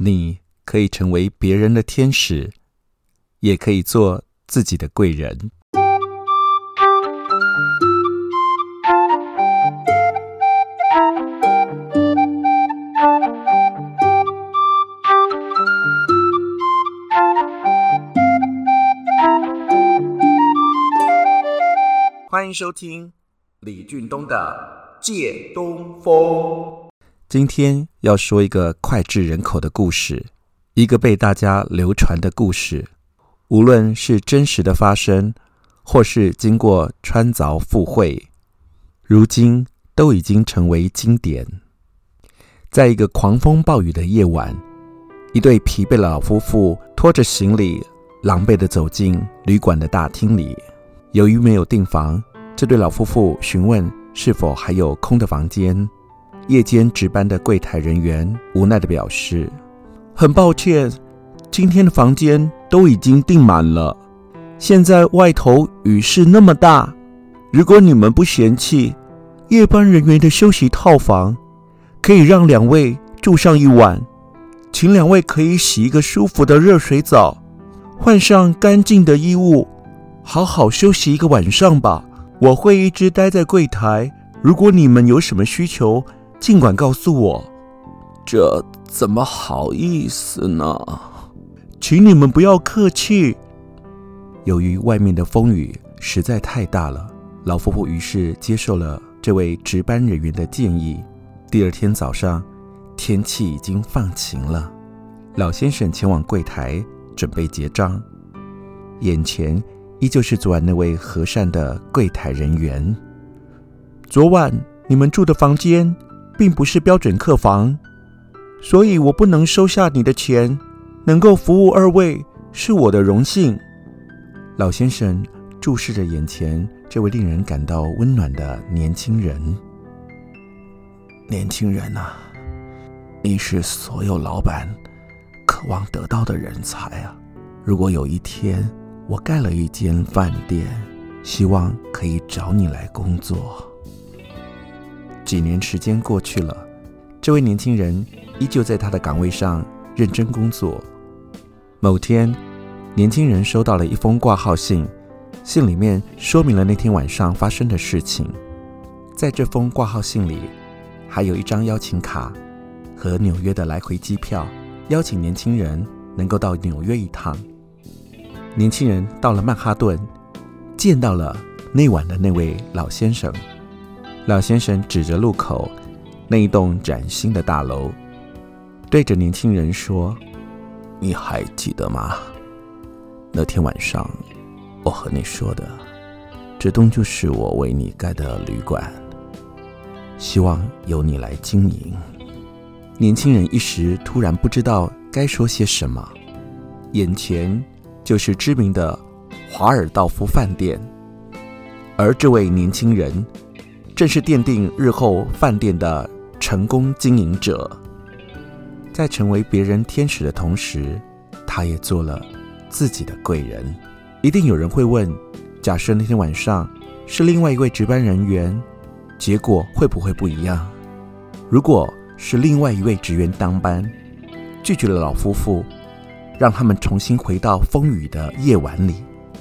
你可以成為別人的天使，也可以做自己的貴人。歡迎收聽李俊東的《借東風》。今天要說一個膾炙人口的故事，一個被大家流傳的故事，無論是真實的發生，或是經過穿鑿附會，如今都已經成為經典。在一個狂風暴雨的夜晚，一對疲憊的老夫婦拖着行李，狼狽地走進旅館的大廳裡。由於沒有訂房，這對老夫婦詢問是否還有空的房間。夜間值班的櫃檯人員無奈地表示：“很抱歉，今天的房間都已經訂滿了。現在外頭雨勢那麼大，如果你們不嫌棄，夜班人員的休息套房可以讓兩位住上一晚，請兩位可以洗一個舒服的熱水澡，換上乾淨的衣物，好好休息一個晚上吧。我會一直待在櫃檯，如果你們有什麼需求。”儘管告訴我，這怎麼好意思呢？請你們不要客氣。由於外面的風雨實在太大了，老夫婦於是接受了這位值班人員的建議。第二天早上，天氣已經放晴了。老先生前往櫃檯準備結賬，眼前依舊是昨晚那位和善的櫃檯人員。昨晚你們住的房間，並不是標準客房，所以我不能收下你的錢。能夠服務二位是我的榮幸。老先生注視着眼前這位令人感到溫暖的年輕人。年輕人吶，你是所有老板渴望得到的人才啊！如果有一天我蓋了一間飯店，希望可以找你來工作。幾年時間過去了，這位年輕人依舊在他的崗位上認真工作。某天，年輕人收到了一封掛號信，信裡面說明了那天晚上發生的事情。在這封掛號信裡，還有一張邀請卡和紐約的來回機票，邀請年輕人能夠到紐約一趟。年輕人到了曼哈頓，見到了那晚的那位老先生。老先生指着路口那一棟嶄新的大樓，對着年輕人說：“你還記得嗎？那天晚上我和你說的，這棟就是我為你蓋的旅館，希望由你來經營。”年輕人一時突然不知道該說些什麼，眼前就是知名的華爾道夫飯店，而這位年輕人，正是奠定日後飯店的成功經營者，在成為別人天使的同時，他也做了自己的貴人。一定有人會問，假設那天晚上是另外一位值班人員，結果會不會不一樣？如果是另外一位職員當班，拒絕了老夫婦，讓他們重新回到風雨的夜晚裡，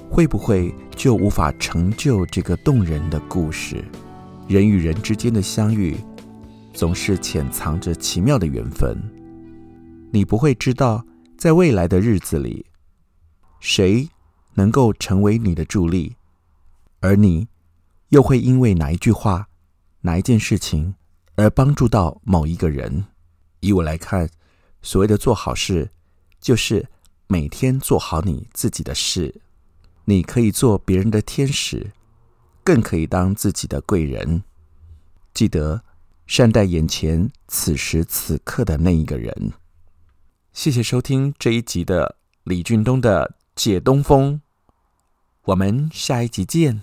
會不會就無法成就這個動人的故事？人與人之間的相遇，總是潛藏着奇妙的緣分。你不會知道，在未來的日子裡，誰能夠成為你的助力，而你又會因為哪一句話、哪一件事情而幫助到某一個人。以我來看，所謂的做好事，就是每天做好你自己的事。你可以做別人的天使。更可以當自己的貴人，記得善待眼前此時此刻的那一個人。謝謝收聽這一集的李俊東的借東風，我們下一集見。